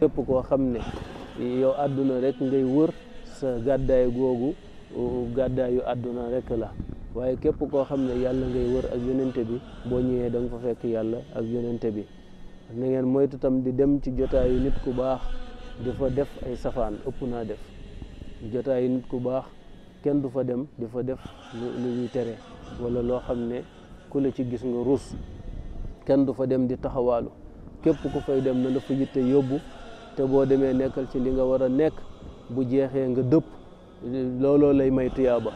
képp koo xam ne yow àdduna rekk ngay wër sa gàddaay googu gàddaayu àdduna rekk la waaye képp koo xam ne yàlla ngay wër ak yonente bi boo ñëwee da nga fa fekk yàlla ak yonente bi na ngeen moytu tam di dem ci jotaayu nit ku baax di fa def ay safaan ëpp naa def jotaayu nit ku baax kenn du fa dem di fa def lu ñuy tere walla loo xam ne ku la ci gis nga ruus kenn du fa dem di taxawaalu képp ku fay dem na la yitte yóbbu te boo demee nekkal ci li nga war a nekk bu jeexee nga dëpp looloo lay may tuyaaba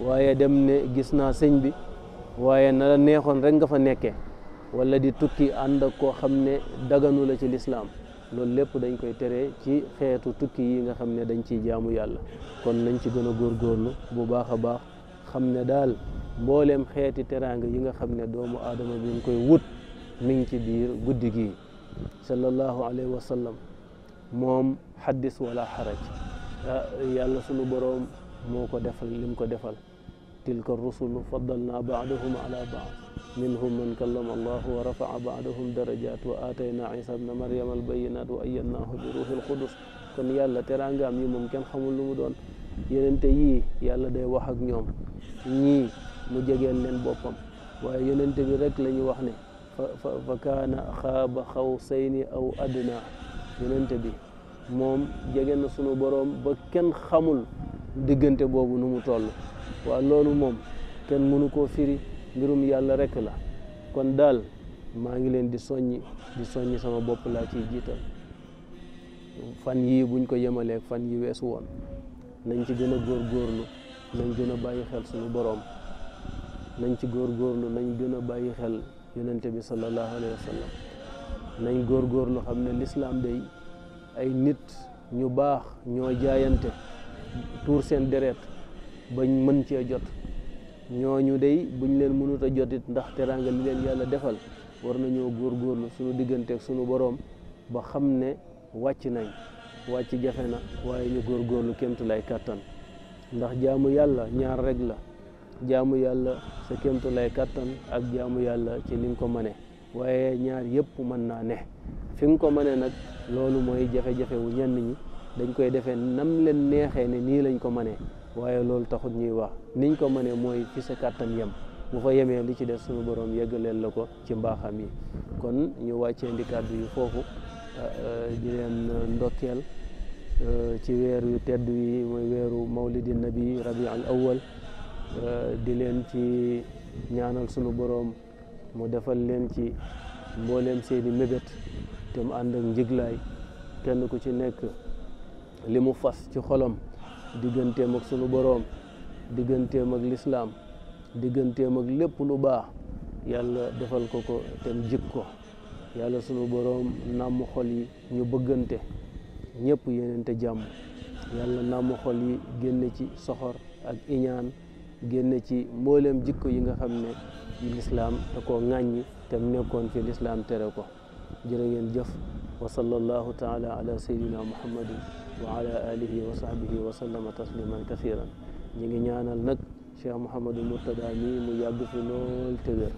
waaye dem ne gis naa sëñ bi waaye na neexoon rek nga fa nekkee walla di tukki ànd ak koo xam ne daganu la ci lislaam loolu lépp dañ koy tere ci xeetu tukki yi nga xam ne dañ ciy jaamu yàlla kon nañ ci gën a góor góorgóorlu bu baax a baax xam ne daal mboolem xeeti teraanga yi nga xam ne doomu aadama bi ñu koy wut mu ngi ci biir guddi gii sallallahu alayhi wa sallam moom xaddis wala xaraj ah, yàlla sunu boroom moo ko defal lim ko defal tilka rusulu faddalna baadahum ala baad minhum man kallama allah wa rafaa baadahum darajat wa aatayna isa bna maryama albayinat wa ayyadnahu bi ruhil qudus kon yàlla teraangaam yi moom kenn xamul lu mu doon yenente yii yàlla day wax ak ñoom ñii mu jegeel leen boppam waaye yenente bi rek la ñu wax ne fa fa kaana xaaba xawsayni aw adna yenente bi moom jege na sunu boroom ba kenn xamul diggante boobu nu mu toll waaw loolu moom kenn mënu koo firi mbirum yàlla rekk la kon daal maa ngi leen di soññi di soññi sama bopp laa ciy jiital fan yii buñ ko yemaleeg fan yi weesu woon nañ ci gën a góorgóorlu nañ gën a bàyyi xel suñu boroom nañ ci góorgóorlu nañ gën a bàyyi xel yonente bi sallallahu alayhi wa sallam nañ góor góorgóorlu xam ne lislaam day ay nit ñu baax ñoo jaayante tuur seen deret bañ mën cee jot ñooñu day buñ leen mënut a jot it ndax teraanga li leen yàlla defal war nañoo góorgóorlu suñu digganteeg suñu boroom ba xam ne wàcc nañ wàcc jafe na waaye ñu góorgóorlu kémtu lay kàttan ndax jaamu yàlla ñaar rek la jaamu yàlla sa kémtu lay kàttan ak jaamu yàlla ci ni nga ko mëne waaye ñaar yëpp mën naa ne fi nga ko mëne nag loolu mooy jafe-jafe wu ñi dañ koy defe nam leen neexee ne nii lañ ko mënee waaye loolu taxut ñuy wax niñ ko mënee mooy fi sa kàttan yem bu fa yemee li ci des suñu borom leen la ko ci mbaaxam yi kon ñu wàccee di kàddu yi foofu ah, ah, di leen ndokkeel ah, ci weer yu tedd yi mooy weeru mawlidi nabi rabi al awal di leen ci ñaanal sunu boroom mu defal leen ci mbooleem seeni mébét te mu ànd ak njiglaay kenn ku ci nekk li mu fas ci xolam digganteem ak sunu boroom digganteem ak lislaam digganteem ak lépp lu baax yàlla defal ko ko te mu jik ko yàlla sunu boroom nàmm xol yi ñu bëggante ñëpp yenente jàmm yàlla nàmm xol yi génne ci soxor ak iñaan génne ci mbooleem jikko yi nga xam ne lislaam da koo ŋàññi te mu nekkoon fi lislaam tere ko jërë ngeen jëf wa sallallahu taala ala sayyidina muhammadin wa ala alihi wa sahbihi wa sallama tasliman kasiran ñi ngi ñaanal nag cheikh mouhamadou mourtada mi mu yàgg fi lool te wér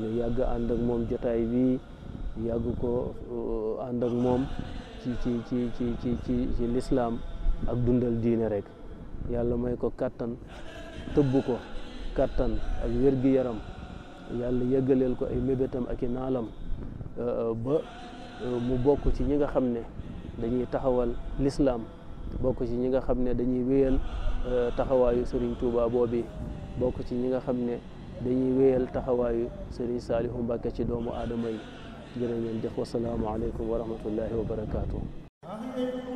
ñu yàgg ànd ak moom jotaay bi yàgg ko uh, ànd ak moom ci ci ci ci ci ci lislaam ak dundal diine rek yàlla may ko kàttan tëbb ko kàttan ak wér-gi-yaram yàlla yëggaleel ko ay mébétam ak i naalam uh, uh, ba mu bokk ci ñi nga xam ne dañuy taxawal lislaam bokk ci ñi nga xam ne dañuy wéyal euh, taxawaayu sëriñ Touba boobi bokk ci ñi nga xam ne dañuy wéyal taxawaayu sëriñ Saalihu Mbàkke ci doomu aadama yi jërë ngeen jëf wasalaamualeykum wa rahmatullahi wa barakaatu.